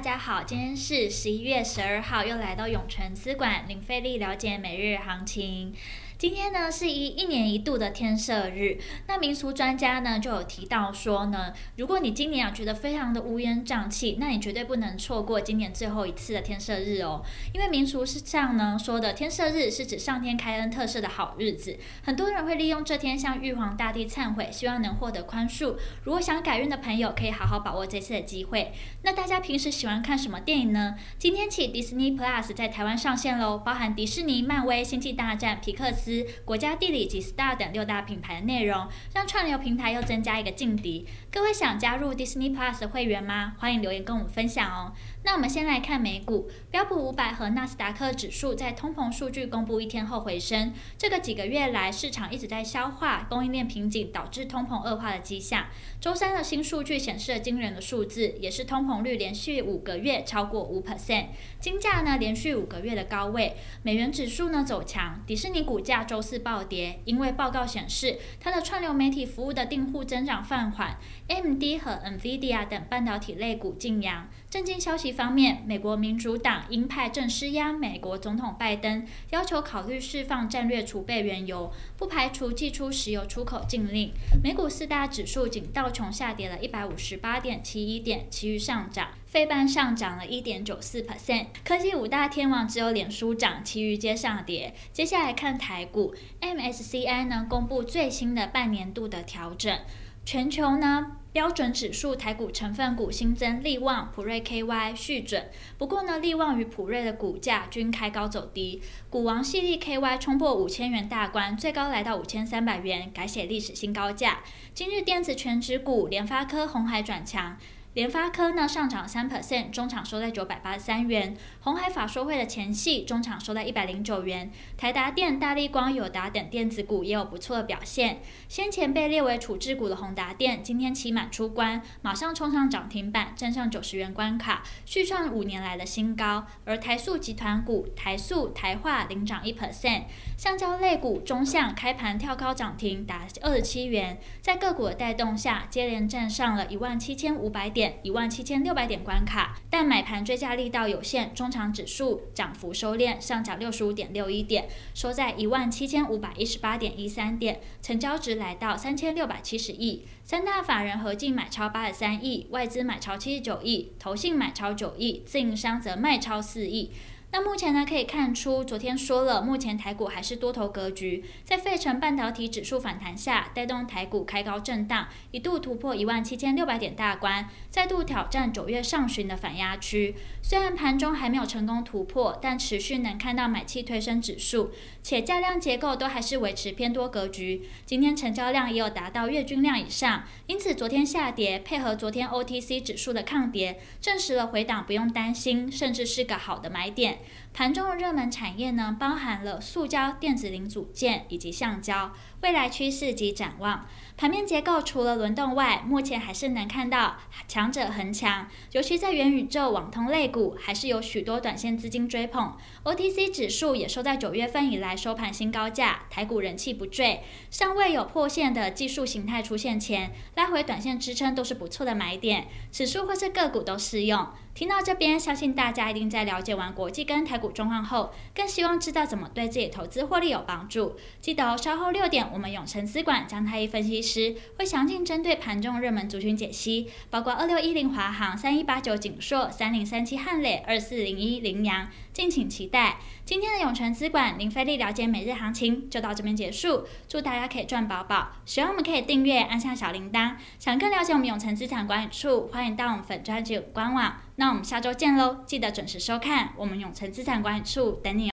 大家好，今天是十一月十二號，又來到永泉資管，零費力了解每日行情。今天呢是一一年一度的天赦日，那民俗專家呢就有提到說呢，如果你今年啊覺得非常的烏煙瘴氣，那你絕對不能錯過今年最後一次的天赦日哦，因為民俗是這樣呢說的，天赦日是指上天開恩特赦的好日子，很多人會利用這天向玉皇大帝懺悔，希望能獲得寬恕。如果想改運的朋友，可以好好把握這次的機會。那大家平時喜歡看什麼電影呢？今天起 Disney Plus 在台灣上線嘍，包含迪士尼、漫威、星際大戰、皮克斯。國家地理及 Star 等六大品牌的內容，讓串流平台又增加一個勁敵。各位想加入 Disney Plus 的會員嗎？歡迎留言跟我們分享哦。那我們先來看美股，標普五百和納斯達克指數在通膨數據公布一天後回升。這個幾個月來市場一直在消化供應鏈瓶頸導致通膨惡化的跡象。周三的新數據顯示了驚人的數字，也是通膨率連續五個月超過五 percent。金價呢連續五個月的高位，美元指數呢走強，迪士尼股價，周四暴跌，因為報告顯示它的串流媒體服務的訂戶增長放緩。AMD 和 NVIDIA 等半導體類股勁揚。政經消息方面，美國民主黨鷹派正施壓美國總統拜登，要求考慮釋放戰略儲備原油，不排除寄出石油出口禁令。美股四大指數僅道瓊下跌了一百五十八點七一點，其餘上漲。費半上漲了1.94%，科技五大天王只有臉書漲，其餘皆上跌。接下來看台股，MSCI 呢，公布最新的半年度的調整，全球呢標準指數台股成分股新增力旺、普瑞 KY 續准。不過呢，力旺與普瑞的股價均開高走低，股王矽力 -KY 衝破五千元大關，最高來到五千三百元，改寫歷史新高價。今日電子權值股，聯發科、鴻海轉強。聯發科呢，上漲三 percent，中場收在九百八十三元。鴻海法說會的前夕，中場收在一百零九元。台達電、大立光、友達等電子股也有不錯的表現。先前被列為處置股的宏達電今天期滿出關，馬上衝上漲停板，站上九十元關卡，續創五年來的新高。而台塑集團股、台塑、台化領漲一 percent。橡膠類股中橡開盤跳高漲停，達二十七元。在個股的帶動下，接連站上了一萬七千五百點。一萬七千六百點關卡，但買盤追加力道有限，中場指數漲幅收斂，上漲六十五點六一點，收在一萬七千五百一十八點一三點，成交值來到三千六百七十億，三大法人合計買超八十三億，外資買超七十九億，投信買超九億，自營商則賣超四億。那目前呢，可以看出，昨天說了，目前台股還是多頭格局，在費城半導體指數反彈下，帶動台股開高震盪，一度突破一萬七千六百點大關，再度挑戰九月上旬的反壓區。雖然盤中還沒有成功突破，但持續能看到買氣推升指數，且價量結構都還是維持偏多格局。今天成交量也有達到月均量以上，因此昨天下跌配合昨天 OTC 指數的抗跌，證實了回檔不用擔心，甚至是個好的買點。盤中的熱門產業呢，包含了塑膠、電子零組件以及橡膠。未來趨勢及展望，盤面結構除了輪動外，目前還是能看到強者恆強，尤其在元宇宙、網通類股，還是有許多短線資金追捧。OTC 指數也收在九月份以來收盤新高價，台股人氣不墜。尚未有破線的技術形態出現前，拉回短線支撐都是不錯的買點，指數或是個股都適用。聽到這邊，相信大家一定在了解完國際跟台股狀況後，更希望知道怎麼對自己投資獲利有幫助。記得哦，稍後六點，我們永成資管張太一分析師會詳盡針對盤中熱門族群解析，包括二六一零華航、三一八九景碩、三零三七漢磊、二四零一凌陽。敬請期待。今天的永誠資管零費力了解每日行情就到這邊結束，祝大家可以賺飽飽，喜歡我們可以訂閱按下小鈴鐺，想更了解我們永誠資產管理處，歡迎到我們粉專及官網，那我們下周見嘍，記得準時收看我們永誠資產管理處等你哦。